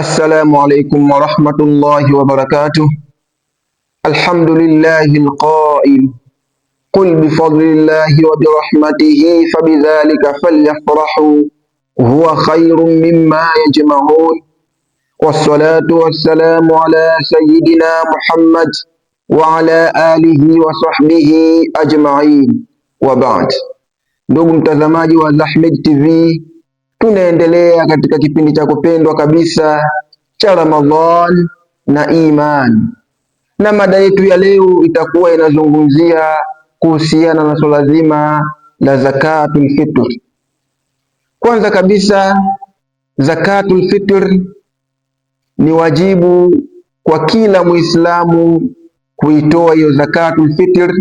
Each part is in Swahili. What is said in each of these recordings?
السلام عليكم ورحمة الله وبركاته الحمد لله القائل قل بفضل الله وبرحمته فبذلك فليفرحوا هو خير مما يجمعون والصلاة والسلام على سيدنا محمد وعلى آله وصحبه أجمعين وبعد ndugu mtazamaji wa Zahmid TV Tunaendelea katika kipindi cha kupendwa kabisa cha Ramadhan na Iman, na mada yetu ya leo itakuwa inazungumzia kuhusiana na swala zima la zakatul fitr. Kwanza kabisa, zakatul fitr ni wajibu kwa kila Muislamu kuitoa hiyo zakatul fitr,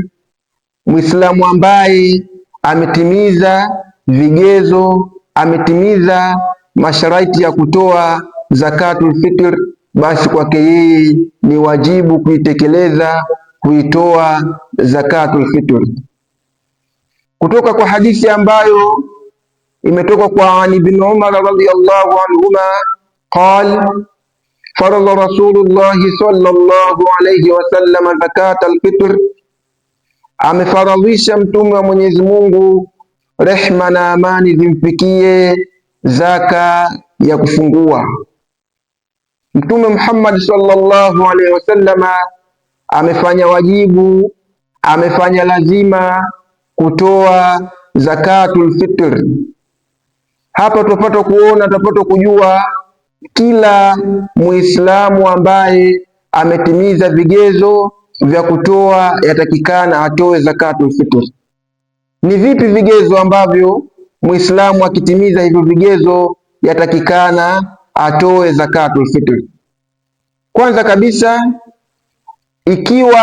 Muislamu ambaye ametimiza vigezo ametimiza masharti ya kutoa zakatul fitr, basi kwake yeye ni wajibu kuitekeleza kuitoa zakatul fitr. Kutoka kwa hadithi ambayo imetoka kwa Ali bin Umar radhiyallahu anhuma qal faradha rasulullahi sallallahu alayhi wasallam zakata alfitr, amefaradhisha mtume wa Mwenyezi Mungu rehma na amani zimfikie zaka ya kufungua. Mtume Muhammad sallallahu alaihi wasallama amefanya wajibu, amefanya lazima kutoa zakatul fitr. Hapa tunapata kuona, tunapata kujua kila Muislamu ambaye ametimiza vigezo vya kutoa yatakikana atoe zakatul fitr. Ni vipi vigezo ambavyo Muislamu akitimiza hivyo vigezo yatakikana atoe zakatul fitri? Kwanza kabisa, ikiwa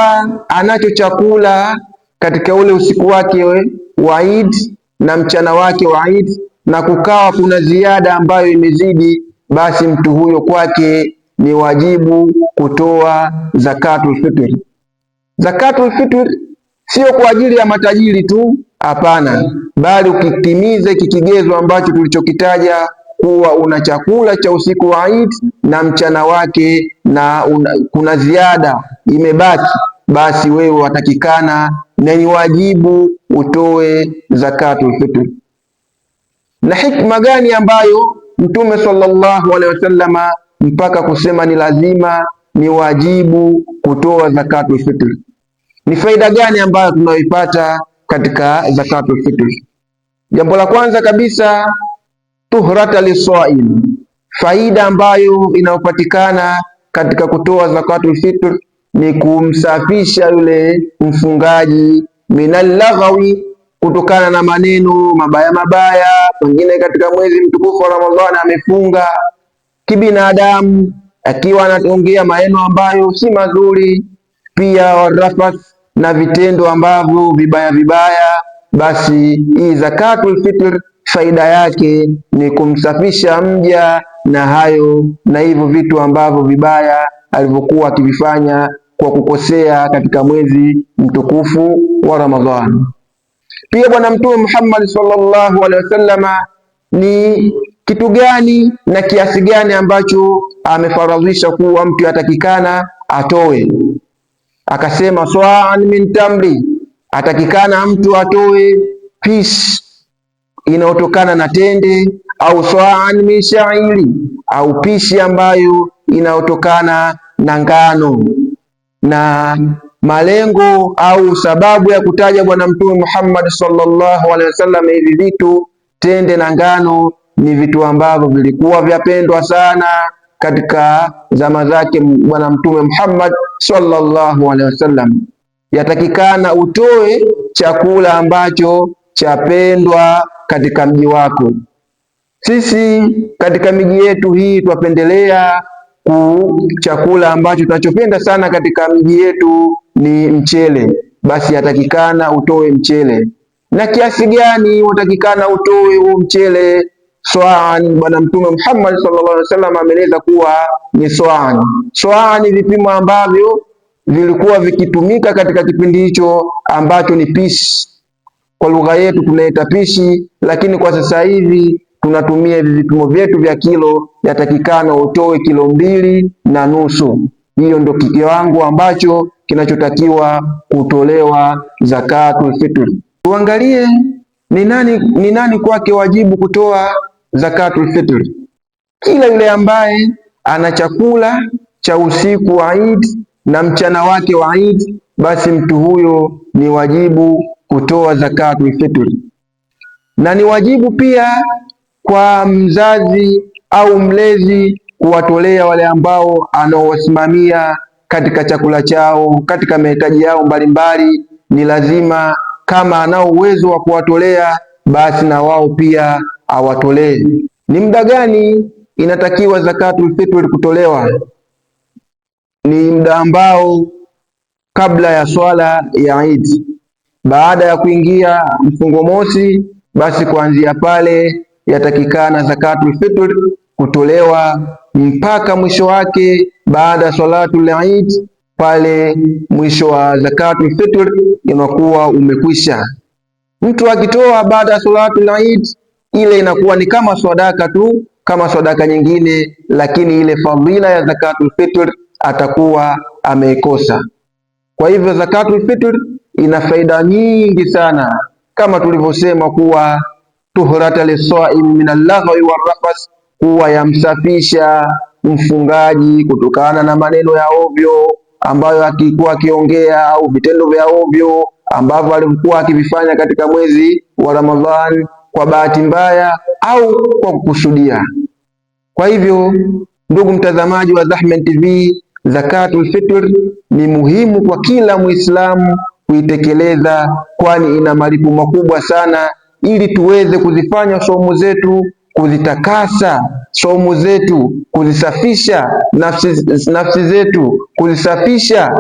anacho chakula katika ule usiku wake wa Eid na mchana wake wa Eid na kukawa kuna ziada ambayo imezidi, basi mtu huyo kwake ni wajibu kutoa zakatul fitri. Zakatul fitri sio kwa ajili ya matajiri tu Hapana, bali ukitimize kikigezo ambacho tulichokitaja kuwa una chakula cha usiku wa Eid na mchana wake na una, kuna ziada imebaki, basi wewe watakikana na ni wajibu utoe zakatul fitri. Na hikma gani ambayo Mtume sallallahu alaihi wasallama mpaka kusema ni lazima ni wajibu kutoa zakatul fitri? Ni faida gani ambayo tunayoipata katika zakatul fitri. Jambo la kwanza kabisa, tuhrata lisaim, faida ambayo inayopatikana katika kutoa zakatul fitr ni kumsafisha yule mfungaji minal laghawi, kutokana na maneno mabaya mabaya. Pengine katika mwezi mtukufu wa Ramadhani amefunga kibinadamu, akiwa anaongea maneno ambayo si mazuri, pia warafath na vitendo ambavyo vibaya vibaya, basi hii zakatul fitr faida yake ni kumsafisha mja na hayo na hivyo vitu ambavyo vibaya alivyokuwa akivifanya kwa kukosea katika mwezi mtukufu wa Ramadhani. Pia Bwana Mtume Muhammad sallallahu alaihi wasallama ni kitu gani na kiasi gani ambacho amefaradhisha kuwa mtu atakikana atoe akasema swaan min tamri, atakikana mtu atoe pisi inayotokana na tende, au swaan min shairi, au pisi ambayo inayotokana na ngano. Na malengo au sababu ya kutaja Bwana Mtume Muhammad sallallahu alaihi wasallam hivi vitu, tende na ngano, ni vitu ambavyo vilikuwa vyapendwa sana katika zama zake Bwana Mtume Muhammad sallallahu alaihi wasallam, yatakikana utoe chakula ambacho chapendwa katika mji wako. Sisi katika miji yetu hii twapendelea ku chakula ambacho tunachopenda sana katika miji yetu ni mchele. Basi yatakikana utoe mchele. Na kiasi gani watakikana utoe huo mchele? Swaan, Bwana Mtume Muhammad sallallahu alaihi wasallam ameleza kuwa ni swaan. Swaan ni vipimo ambavyo vilikuwa vikitumika katika kipindi hicho ambacho ni pishi, kwa lugha yetu tunaita pishi, lakini kwa sasa hivi tunatumia hivi vipimo vyetu vya kilo. Yatakikana utoe kilo mbili na nusu. Hiyo ndio kiwango ambacho kinachotakiwa kutolewa zakatul fitri. Tuangalie ni nani, ni nani kwake wajibu kutoa zakatul fitr, Kila yule ambaye ana chakula cha usiku wa Eid na mchana wake wa Eid, basi mtu huyo ni wajibu kutoa zakatul fitr, na ni wajibu pia kwa mzazi au mlezi kuwatolea wale ambao anaowasimamia katika chakula chao, katika mahitaji yao mbalimbali. Ni lazima kama anao uwezo wa kuwatolea, basi na wao pia awatolee. Ni muda gani inatakiwa zakatul fitr kutolewa? Ni muda ambao kabla ya swala ya Idi, baada ya kuingia mfungo mosi, basi kuanzia pale yatakikana zakatul fitr kutolewa mpaka mwisho wake, baada ya swalatul Eid, pale mwisho wa zakatul fitr inakuwa umekwisha. Mtu akitoa baada ya swalatul Eid ile inakuwa ni kama sadaka tu, kama sadaka nyingine, lakini ile fadhila ya zakatul fitr atakuwa ameikosa. Kwa hivyo zakatul fitr ina faida nyingi sana, kama tulivyosema kuwa tuhrata lisaim min allaghwi warafas, kuwa yamsafisha mfungaji kutokana na maneno ya ovyo ambayo akikuwa akiongea au vitendo vya ovyo ambavyo alikuwa akivifanya katika mwezi wa Ramadhani kwa bahati mbaya au kwa kukusudia. Kwa hivyo, ndugu mtazamaji wa Zahmid TV, zakatul fitr ni muhimu kwa kila Muislamu kuitekeleza, kwani ina malipo makubwa sana, ili tuweze kuzifanya somo zetu kuzitakasa somo zetu, kuzisafisha nafsi, nafsi zetu, kuzisafisha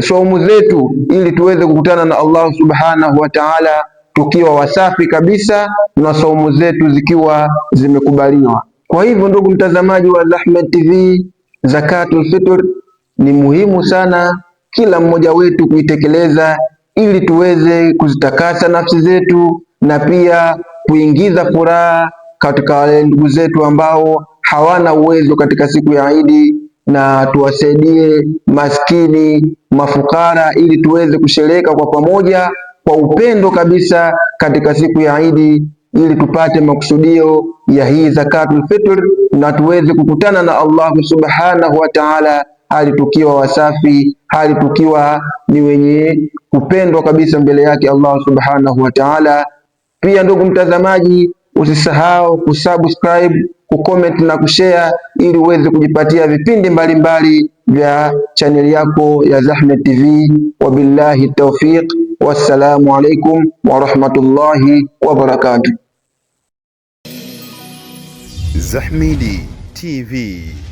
somo zetu, ili tuweze kukutana na Allah subhanahu wa ta'ala tukiwa wasafi kabisa na saumu zetu zikiwa zimekubaliwa. Kwa hivyo, ndugu mtazamaji wa Zahmad TV, zakatul fitr ni muhimu sana kila mmoja wetu kuitekeleza ili tuweze kuzitakasa nafsi zetu na pia kuingiza furaha katika wale ndugu zetu ambao hawana uwezo katika siku ya Idi, na tuwasaidie maskini, mafukara ili tuweze kushereheka kwa pamoja kwa upendo kabisa katika siku ya Idi ili tupate makusudio ya hii zakatul fitr na tuweze kukutana na Allah subhanahu wa ta'ala, hali tukiwa wasafi, hali tukiwa ni wenye kupendwa kabisa mbele yake Allah subhanahu wa ta'ala. Pia ndugu mtazamaji, usisahau kusubscribe, kucomment na kushare ili uweze kujipatia vipindi mbalimbali vya chaneli yako ya Zahmid TV. Wabillahi tawfiq. Wassalamu alaikum warahmatullahi wabarakatuh. Zahmid TV